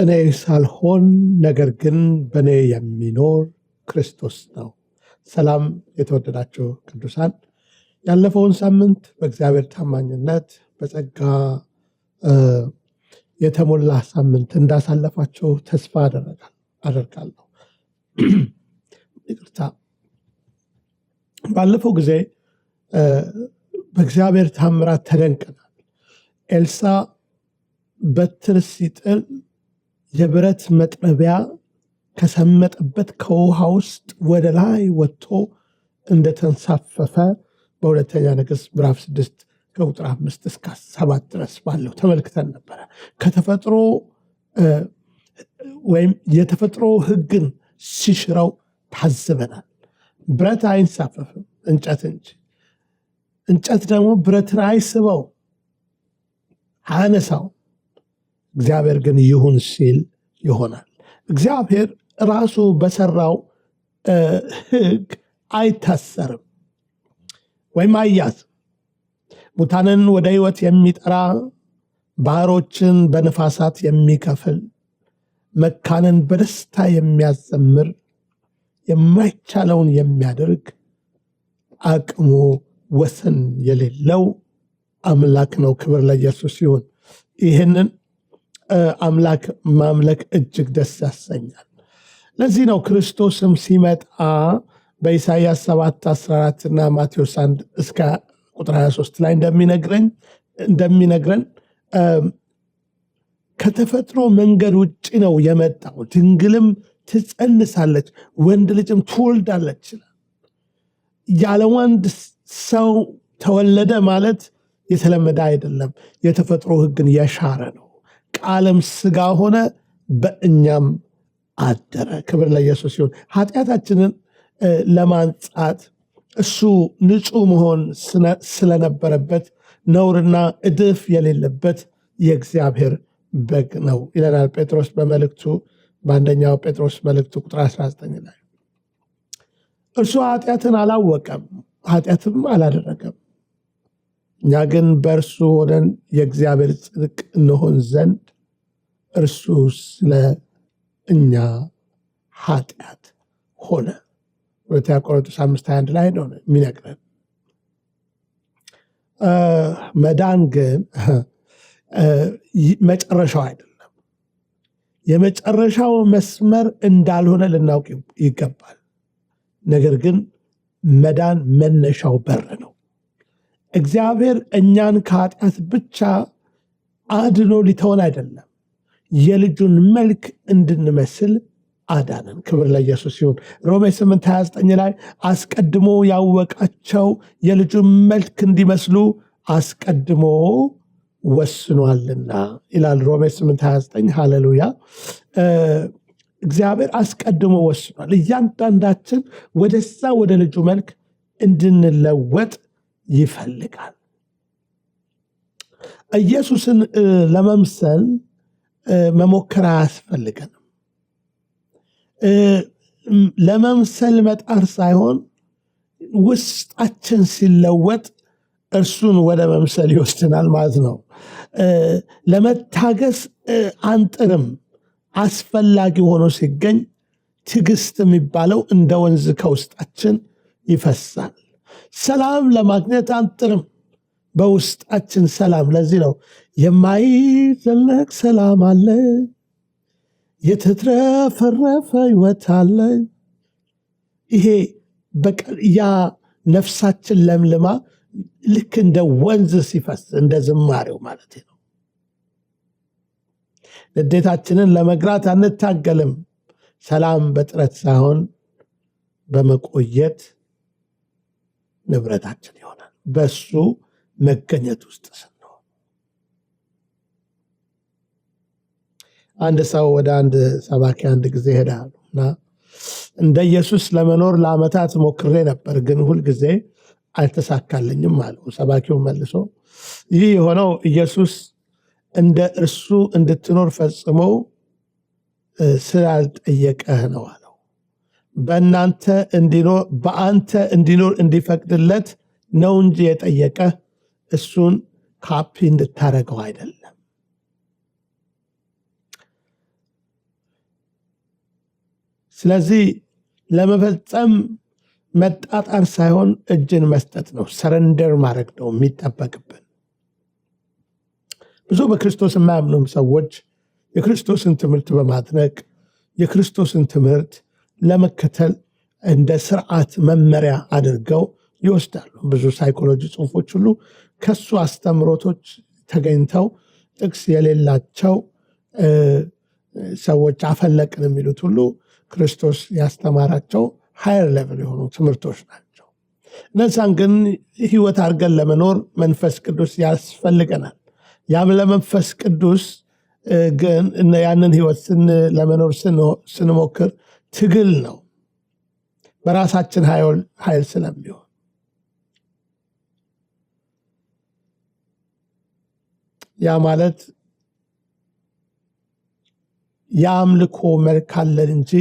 እኔ ሳልሆን ነገር ግን በእኔ የሚኖር ክርስቶስ ነው። ሰላም የተወደዳችሁ ቅዱሳን፣ ያለፈውን ሳምንት በእግዚአብሔር ታማኝነት በጸጋ የተሞላ ሳምንት እንዳሳለፋችሁ ተስፋ አደርጋለሁ። ይቅርታ፣ ባለፈው ጊዜ በእግዚአብሔር ታምራት ተደንቀናል። ኤልሳ በትር ሲጥል የብረት መጥረቢያ ከሰመጠበት ከውሃ ውስጥ ወደ ላይ ወጥቶ እንደተንሳፈፈ በሁለተኛ ነገሥት ምዕራፍ ስድስት ከቁጥር አምስት እስከ ሰባት ድረስ ባለው ተመልክተን ነበረ። ከተፈጥሮ ወይም የተፈጥሮ ሕግን ሲሽረው ታዝበናል። ብረት አይንሳፈፍም እንጨት እንጂ እንጨት ደግሞ ብረትን አይስበው አነሳው እግዚአብሔር ግን ይሁን ሲል ይሆናል። እግዚአብሔር ራሱ በሰራው ሕግ አይታሰርም ወይም አያዝ ሙታንን ወደ ሕይወት የሚጠራ ባህሮችን በንፋሳት የሚከፍል መካንን በደስታ የሚያዘምር የማይቻለውን የሚያደርግ አቅሙ ወሰን የሌለው አምላክ ነው። ክብር ለኢየሱስ ይሁን። ይህንን አምላክ ማምለክ እጅግ ደስ ያሰኛል። ለዚህ ነው ክርስቶስም ሲመጣ በኢሳይያስ 7 14 እና ማቴዎስ 1 እስከ ቁጥር 23 ላይ እንደሚነግረን ከተፈጥሮ መንገድ ውጭ ነው የመጣው፣ ድንግልም ትጸንሳለች፣ ወንድ ልጅም ትወልዳለች። ያለ ወንድ ሰው ተወለደ ማለት የተለመደ አይደለም፣ የተፈጥሮ ሕግን የሻረ ነው። የዓለም ስጋ ሆነ፣ በእኛም አደረ። ክብር ለኢየሱስ ይሁን። ኃጢአታችንን ለማንጻት እሱ ንጹህ መሆን ስለነበረበት ነውርና እድፍ የሌለበት የእግዚአብሔር በግ ነው ይለናል ጴጥሮስ በመልእክቱ በአንደኛው ጴጥሮስ መልእክቱ ቁጥር 19 ላይ እርሱ ኃጢአትን አላወቀም ኃጢአትም አላደረገም። እኛ ግን በእርሱ ሆነን የእግዚአብሔር ጽድቅ እንሆን ዘንድ እርሱ ስለ እኛ ኃጢአት ሆነ። ሁለተኛ ቆሮንቶስ አምስት አንድ ላይ ነው የሚነግረን። መዳን ግን መጨረሻው አይደለም። የመጨረሻው መስመር እንዳልሆነ ልናውቅ ይገባል። ነገር ግን መዳን መነሻው በር ነው። እግዚአብሔር እኛን ከኃጢአት ብቻ አድኖ ሊተውን አይደለም የልጁን መልክ እንድንመስል አዳነን። ክብር ለኢየሱስ ይሁን። ሮሜ 8 29 ላይ አስቀድሞ ያወቃቸው የልጁን መልክ እንዲመስሉ አስቀድሞ ወስኗልና ይላል ሮሜ 8 29 ሃሌሉያ። እግዚአብሔር አስቀድሞ ወስኗል። እያንዳንዳችን ወደዛ ወደ ልጁ መልክ እንድንለወጥ ይፈልጋል። ኢየሱስን ለመምሰል መሞከር አያስፈልገንም። ለመምሰል መጣር ሳይሆን ውስጣችን ሲለወጥ እርሱን ወደ መምሰል ይወስድናል ማለት ነው። ለመታገስ አንጥርም። አስፈላጊ ሆኖ ሲገኝ ትዕግስት የሚባለው እንደ ወንዝ ከውስጣችን ይፈሳል። ሰላም ለማግኘት አንጥርም። በውስጣችን ሰላም። ለዚህ ነው የማይዘለቅ ሰላም አለ፣ የተትረፈረፈ ህይወት አለ። ይሄ ያ ነፍሳችን ለምልማ ልክ እንደ ወንዝ ሲፈስ እንደ ዝማሬው ማለት ነው። ንዴታችንን ለመግራት አንታገልም። ሰላም በጥረት ሳይሆን በመቆየት ንብረታችን ይሆናል በሱ መገኘት ውስጥ ስንሆን አንድ ሰው ወደ አንድ ሰባኪ አንድ ጊዜ ሄዳሉ እና እንደ ኢየሱስ ለመኖር ለአመታት ሞክሬ ነበር፣ ግን ሁልጊዜ አልተሳካልኝም አሉ። ሰባኪው መልሶ ይህ የሆነው ኢየሱስ እንደ እርሱ እንድትኖር ፈጽሞ ስላልጠየቀህ ነው አለው። በእናንተ እንዲኖር በአንተ እንዲኖር እንዲፈቅድለት ነው እንጂ የጠየቀህ እሱን ካፒ እንድታደረገው አይደለም። ስለዚህ ለመፈጸም መጣጣር ሳይሆን እጅን መስጠት ነው፣ ሰረንደር ማድረግ ነው የሚጠበቅብን። ብዙ በክርስቶስ የማያምኑም ሰዎች የክርስቶስን ትምህርት በማድነቅ የክርስቶስን ትምህርት ለመከተል እንደ ስርዓት መመሪያ አድርገው ይወስዳሉ። ብዙ ሳይኮሎጂ ጽሁፎች ሁሉ ከሱ አስተምሮቶች ተገኝተው ጥቅስ የሌላቸው ሰዎች አፈለቅን የሚሉት ሁሉ ክርስቶስ ያስተማራቸው ሀየር ሌቭል የሆኑ ትምህርቶች ናቸው። እነዛን ግን ህይወት አድርገን ለመኖር መንፈስ ቅዱስ ያስፈልገናል። ያም ለመንፈስ ቅዱስ ግን ያንን ህይወት ለመኖር ስንሞክር ትግል ነው፣ በራሳችን ኃይል ስለሚሆን ያ ማለት የአምልኮ መልክ አለን እንጂ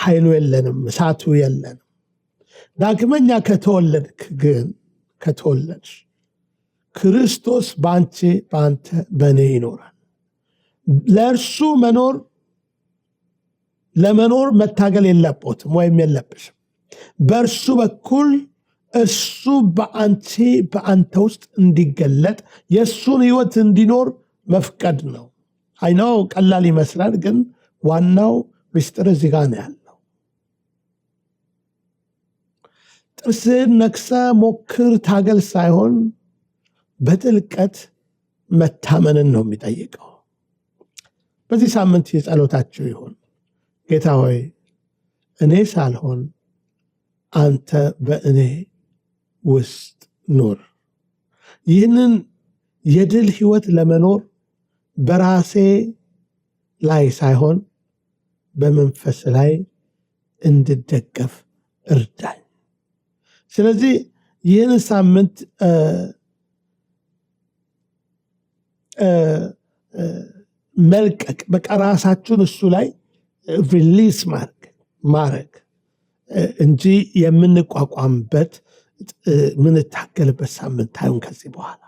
ኃይሉ የለንም፣ እሳቱ የለንም። ዳግመኛ ከተወለድክ ግን ከተወለድሽ ክርስቶስ በአንቺ በአንተ በእኔ ይኖራል። ለእርሱ መኖር ለመኖር መታገል የለቦትም ወይም የለብሽም። በእርሱ በኩል እሱ በአንቺ በአንተ ውስጥ እንዲገለጥ የእሱን ህይወት እንዲኖር መፍቀድ ነው። አይናው ቀላል ይመስላል፣ ግን ዋናው ምስጢር እዚህ ጋር ነው ያለው። ጥርስህን ነክሰ ሞክር፣ ታገል ሳይሆን በጥልቀት መታመንን ነው የሚጠይቀው። በዚህ ሳምንት የጸሎታችሁ ይሁን። ጌታ ሆይ እኔ ሳልሆን አንተ በእኔ ውስጥ ኑር። ይህንን የድል ህይወት ለመኖር በራሴ ላይ ሳይሆን በመንፈስ ላይ እንድደገፍ እርዳኝ። ስለዚህ ይህን ሳምንት መልቀቅ በቃ ራሳችሁን እሱ ላይ ሪሊስ ማድረግ ማድረግ እንጂ የምንቋቋምበት ምንታገልበት ሳምንት አይሁን ከዚህ በኋላ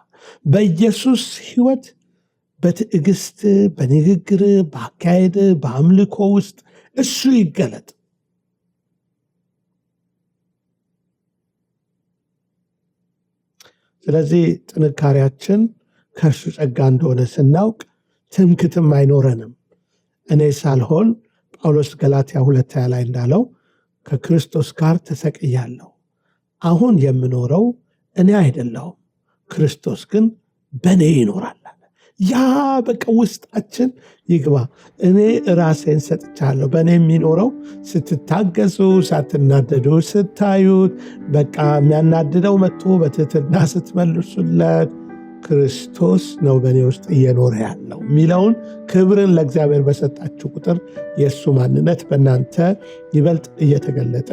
በኢየሱስ ህይወት በትዕግስት በንግግር በአካሄድ በአምልኮ ውስጥ እሱ ይገለጥ ስለዚህ ጥንካሬያችን ከእሱ ጸጋ እንደሆነ ስናውቅ ትምክትም አይኖረንም እኔ ሳልሆን ጳውሎስ ገላትያ ሁለት ላይ እንዳለው ከክርስቶስ ጋር ተሰቅያለሁ አሁን የምኖረው እኔ አይደለሁም፣ ክርስቶስ ግን በእኔ ይኖራል። ያ በቃ ውስጣችን ይግባ። እኔ ራሴን ሰጥቻለሁ። በእኔ የሚኖረው ስትታገሱ፣ ሳትናደዱ ስታዩት፣ በቃ የሚያናድደው መጥቶ በትህትና ስትመልሱለት ክርስቶስ ነው በእኔ ውስጥ እየኖረ ያለው የሚለውን ክብርን ለእግዚአብሔር በሰጣችሁ ቁጥር የእሱ ማንነት በእናንተ ይበልጥ እየተገለጠ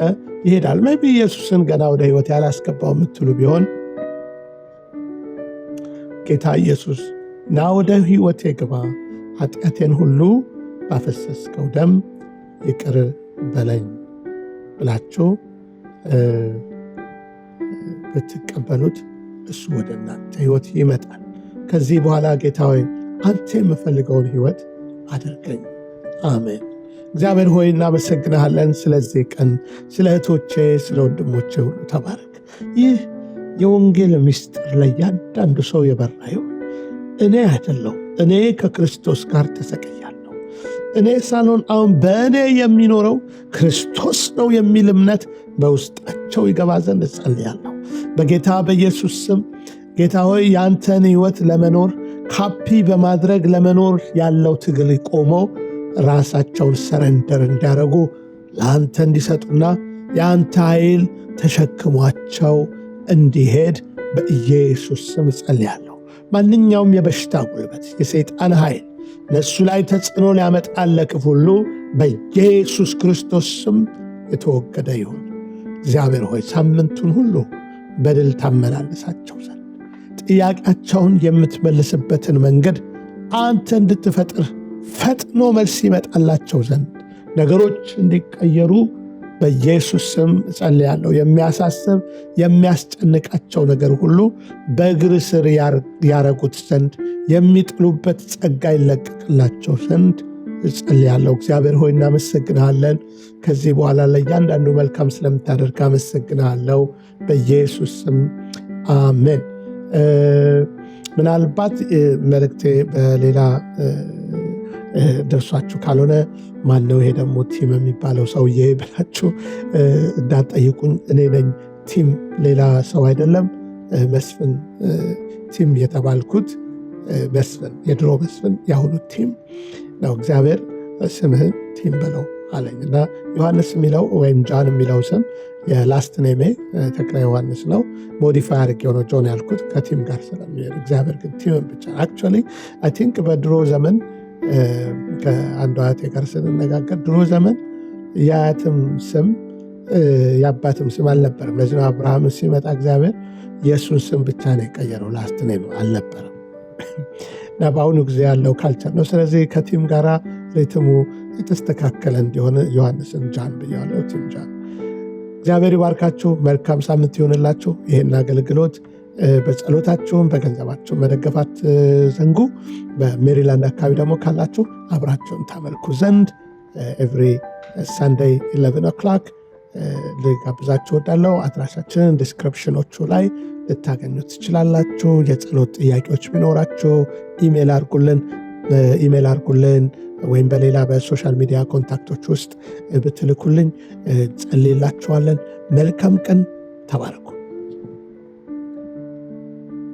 ይሄዳል። ቢ ኢየሱስን ገና ወደ ህይወት ያላስገባው የምትሉ ቢሆን ጌታ ኢየሱስ ና ወደ ሕይወቴ ግባ፣ ኃጢአቴን ሁሉ ባፈሰስከው ደም ይቅር በለኝ ብላችሁ ብትቀበሉት እሱ ወደ እናንተ ህይወት ይመጣል። ከዚህ በኋላ ጌታ ሆይ አንተ የምፈልገውን ህይወት አድርገኝ። አሜን። እግዚአብሔር ሆይ እናመሰግናሃለን ስለዚህ ቀን፣ ስለ እህቶቼ፣ ስለ ወንድሞቼ ሁሉ ተባረክ። ይህ የወንጌል ምስጢር ለእያንዳንዱ ሰው የበራ ይሁን። እኔ አይደለሁም፣ እኔ ከክርስቶስ ጋር ተሰቀያለሁ። እኔ ሳልሆን አሁን በእኔ የሚኖረው ክርስቶስ ነው የሚል እምነት በውስጣቸው ይገባ ዘንድ እጸልያለሁ። በጌታ በኢየሱስ ስም ጌታ ሆይ ያንተን ህይወት ለመኖር ካፒ በማድረግ ለመኖር ያለው ትግል ቆመው ራሳቸውን ሰረንደር እንዲያደረጉ ለአንተ እንዲሰጡና የአንተ ኃይል ተሸክሟቸው እንዲሄድ በኢየሱስ ስም ጸልያለሁ። ማንኛውም የበሽታ ጉልበት፣ የሰይጣን ኃይል ነሱ ላይ ተጽዕኖ ሊያመጣለቅፍ ሁሉ በኢየሱስ ክርስቶስ ስም የተወገደ ይሁን። እግዚአብሔር ሆይ ሳምንቱን ሁሉ በድል ታመላልሳቸው ዘንድ ጥያቄያቸውን የምትመልስበትን መንገድ አንተ እንድትፈጥር ፈጥኖ መልስ ይመጣላቸው ዘንድ ነገሮች እንዲቀየሩ በኢየሱስ ስም ጸልያለሁ። የሚያሳስብ የሚያስጨንቃቸው ነገር ሁሉ በእግር ስር ያረጉት ዘንድ የሚጥሉበት ጸጋ ይለቀቅላቸው ዘንድ እጸልያለሁ። እግዚአብሔር ሆይ እናመሰግናለን። ከዚህ በኋላ ለእያንዳንዱ መልካም ስለምታደርግ አመሰግንሃለሁ። በኢየሱስ ስም አሜን። ምናልባት መልእክቴ በሌላ ደርሷችሁ ካልሆነ ማን ነው ይሄ ደግሞ ቲም የሚባለው ሰውዬ ብላችሁ እንዳትጠይቁኝ። እኔ ነኝ ቲም፣ ሌላ ሰው አይደለም። መስፍን ቲም የተባልኩት መስፍን፣ የድሮ መስፍን፣ የአሁኑ ቲም ነው እግዚአብሔር ስምህን ቲም በለው አለኝ እና ዮሐንስ የሚለው ወይም ጃን የሚለው ስም የላስት ኔሜ ተክለ ዮሐንስ ነው። ሞዲፋይ አድርጌው የሆነ ጆን ያልኩት ከቲም ጋር ስለሚሄድ እግዚአብሔር ግን ቲምን ብቻ አክቹዋሊ አይ ቲንክ በድሮ ዘመን ከአንዱ አያቴ ጋር ስንነጋገር ድሮ ዘመን የአያትም ስም የአባትም ስም አልነበረም። ለዚህ ነው አብርሃም ሲመጣ እግዚአብሔር የእሱን ስም ብቻ ነው የቀየረው። ላስት ኔም አልነበረም። በአሁኑ ጊዜ ያለው ካልቸር ነው። ስለዚህ ከቲም ጋራ ሪትሙ የተስተካከለ እንዲሆን ዮሐንስን ጃን ብያለው። ቲም ጃን እግዚአብሔር ይባርካችሁ። መልካም ሳምንት ይሆንላችሁ። ይህን አገልግሎት በጸሎታችሁም በገንዘባችሁ መደገፋት ዘንጉ። በሜሪላንድ አካባቢ ደግሞ ካላችሁ አብራችሁን ታመልኩ ዘንድ ኤቭሪ ሳንደይ 11 ኦክላክ ልጋብዛችሁ ወዳለው አድራሻችንን ዲስክሪፕሽኖቹ ላይ ልታገኙ ትችላላችሁ። የጸሎት ጥያቄዎች ቢኖራችሁ ኢሜል አርጉልን ኢሜል አርጉልን ወይም በሌላ በሶሻል ሚዲያ ኮንታክቶች ውስጥ ብትልኩልኝ ጸልላችኋለን። መልካም ቀን፣ ተባረኩ።